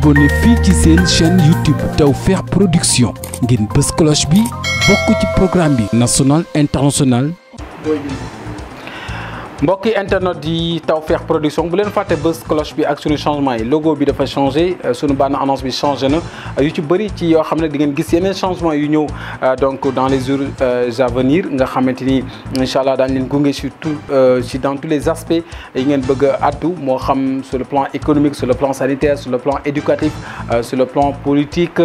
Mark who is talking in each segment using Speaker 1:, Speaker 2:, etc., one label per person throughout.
Speaker 1: abonné fii ci seen chaîne YouTube Tawfekh Production ngeen bës cloche bi bokk ci programme bi national international mbokki internet yi Tawfekh production bu leen fàtte bës cloche bi ak suñu changement yi logo bi dafa changé euh, suñu bànn annonce bi changé na euh, yu ci bëri ci yoo xam ne di ngeen gis yeneen changement yu ñëw euh, donc dans les jours à venir nga xamante ni incha allah daañu leen gunge sur si dans tous les aspects yi ngeen bëgg a moo xam sur le plan économique sur le plan sanitaire sur le plan éducatif sur le politique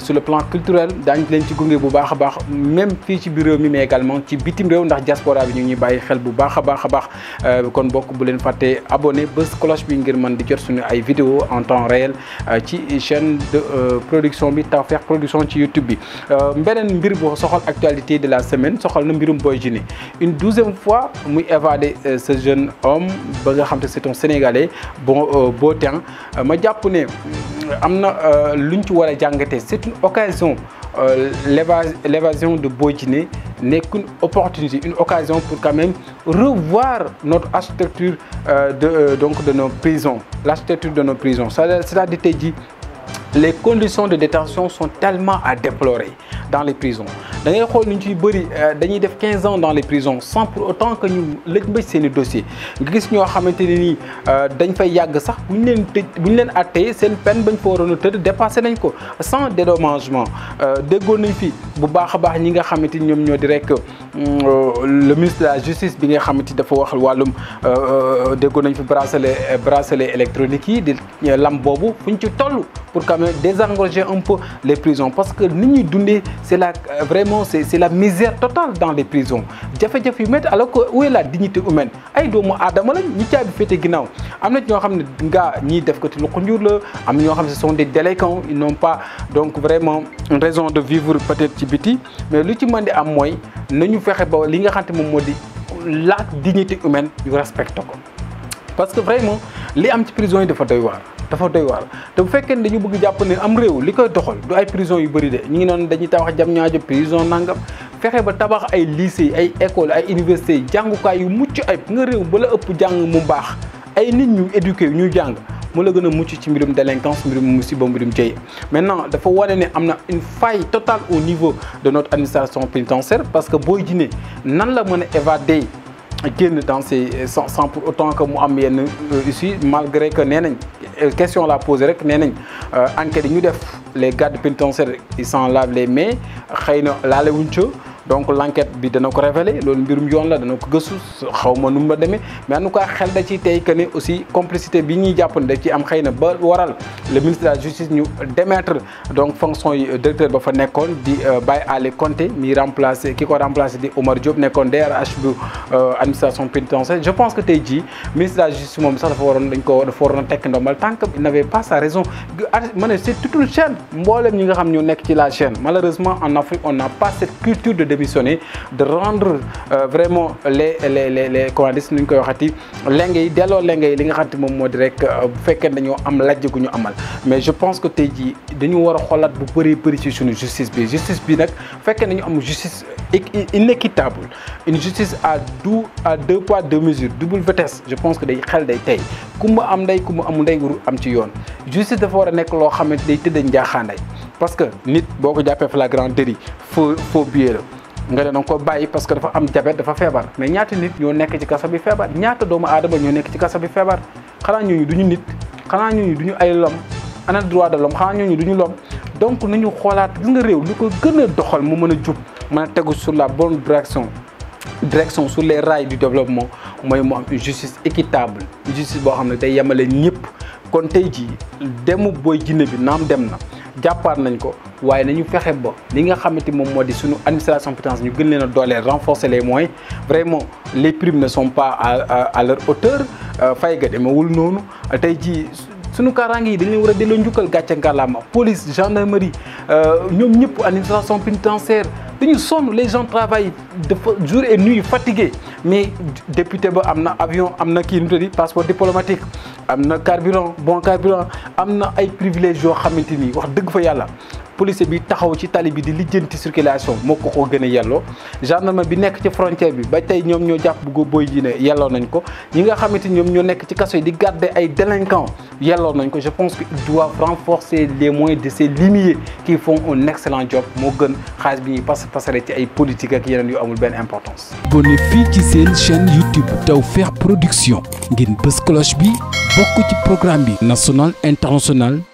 Speaker 1: sur le plan culturel daañu leen ci gunge bu baax a baax même fii ci biir réew mi mais également ci bitim réew ndax diaspora bi ñu ngi bàyyi xel bu baax a baax a baax euh, kon bokk bu leen fàtte abonné bés cloche bi ngir man di jot suñu ay vidéo en temps réel euh, ci chaîne de euh, production bi Tawfekh production ci YouTube bi mbeneen mbir boo soxal actualité de la semaine soxal na mbirum Boy Djiné une douzième fois muy évadé ce jeune homme ba nga xam te c'est un sénégalais bon beau temps ma jàpp ne am na luñ ci war a jàngate c'est une occasion Euh, l'évasion de Boitiné n'est qu'une opportunité, une occasion pour quand même revoir notre architecture euh, de, euh, donc de nos prisons, l'architecture de nos prisons. Cela dit, les conditions de détention sont tellement à déplorer dans les prisons da ngay xool ñu ciy bëri euh, dañuy def 15 ans dans les prisons sans pour autant que ñu lëj mbëj seen i nga gis ñoo xamante ne nii euh, dañ fay yàgg sax bu ñu leen tëj bu ñu leen attee seen peine bañ fa waroon a tëdd dépassé nañ ko sans dédommagement euh, déggoon nañ fi bu baax a baax ñi nga xamante ni ñoom ñoo di rek le ministre de la justice bi nga xamante dafa wax wàllum déggoon nañ fi bracelet bracelet électronique yi di lam boobu pour quand même désengorger un peu les prisons parce que ni ñuy dundee c' est la euh, vraiment c' la misère totale dans les prisons jafe-jafe yu métti alors que où est la dignité humaine ay doomu aadama lañ ñi caabi féete ginnaaw am na ñoo xam ne ngaa ñiy def ko ci am na xam ne ce sont des délinquants ils n'ont pas donc vraiment une raison de vivre peut-être ci biti mais lu ci mën di am mooy ñu fexe ba li nga xam ne moom moo di la dignité humaine ñu respecte ko parce que vraiment li am ci prison yi dafa doy waar dafa doy waar te bu fekkee ne dañu bëgg jàpp ne am réew li koy doxal du ay prison yu bëri de ñu ngi noonu dañuy tabax jam ñaajo prison nangam fexe ba tabax ay lycée ay école ay université jàngukaay yu mucc ayib nga réew bala ëpp jàng mu baax ay nit ñu éduqué yu ñuy jàng mu la gën a mucc ci mbirum délinquance mbirum musiba mbirum jëye maintenant dafa wane ne am na une faille totale au niveau de notre administration pénitentiaire parce que booy Djiné nan la mën a évader génn dans ces sans pour autant que mu am yenn euh, ici malgré que nee nañ Euh, question la posé rek nee nañ euh, enquête yi ñu def les gardes pénitentiaires ils s'en lavent les mains xëy na laale wuñ ca donc l' enquête bi dana ko révélé loolu mbirum yoon la dana ko gëstu xaw ma mais en xel da tey que aussi complicité bi ñuy jàpp ne da ci am xëy na ba waral le ministre de la justice ñu démettre donc fonction yi directeur ba fa nekkoon di euh, Baye Ali Conté mi remplacé ki ko remplacé di Omar Diop nekkoon DRH bu euh, administration pénitentiaire je pense que tey jii ministre de la justice moom sax dafa waroon waroon a tekk ndombal tant que il pas sa raison ma xam ñu nekk la chaîne malheureusement en Afrique révolutionner de rendre euh, vraiment le le les les comment dire nu ñu koy waxati lenge yi delloo lenge yi li nga xamante moom moo di rek euh, bu fekkee dañoo am lajj gu ñu amal mais je pense que tey jii dañu war a xoolaat bu bëree bëri ci suñu justice bi justice bi nag bu fekkee dañu am justice inéquitable une justice à deux à poids deux mesures double vitesse je pense que day xel day tey ku am ndey ku mu amul ndey warul am ci yoon justice dafa war a nekk loo xamante day tëddee njaaxaanday parce que nit boo ko jàppee flagrant délit faux nga ne danga ko bàyyi parce que dafa am jabet dafa feebar mais ñaata nit ñoo nekk ci kaso bi feebar ñaata doomu aadama ñoo nekk ci kaso bi feebar xanaa ñooñu du nit xanaa ñooñu du ñu ay lom ana droit de l'homme xanaa ñooñu du ñu lom donc nañu xoolaat gis nga réew li ko gën a doxal mu mën a jub mën a tegu sur la bonne direction direction sur les rails du développement mooy mu am une justice équitable une justice boo xam ne day yemale ñëpp kon tey jii demu booy jinne bi naam dem na jàppaat nañ ko waaye nañu fexe ba li nga xamante moom moo di suñu administration compétence ñu gën leen a dooleel renforcer les moyens vraiment les primes ne sont pas à à leur hauteur euh, fay ga demewul noonu tey jii suñu kaaraange yi dañ war a delloo njukkal gàcce ngàllaama police gendarmerie euh, ñoom ñëpp administration pénitentiaire dañu sonn les gens travaillent de jour et nuit fatigués mais député ba am na avion am na kii nu mu di passeport diplomatique am na carburant bon carburant am na ay privilèges yoo xamante ni wax dëgg fa yàlla police bi taxaw ci tali bi di lijjanti circulation moo ko ko gën a yelloo gendarme bi nekk ci frontière bi ba tey ñoom ñoo jàpp bu booy ji ne yelloo nañ ko ñi nga xamante ni ñoom ñoo nekk ci kaso yi di garder ay délinquants yelloo nañ ko je pense que ils doivent renforcer les moyens de ces limiers qui font un excellent job moo gën xaalis bi ñuy pas pasare ci ay politique ak yeneen yu amul benn importance. abonné fii ci seen chaîne YouTube Tawfekh Production ngeen bës cloche bi bokk ci programme bi national international.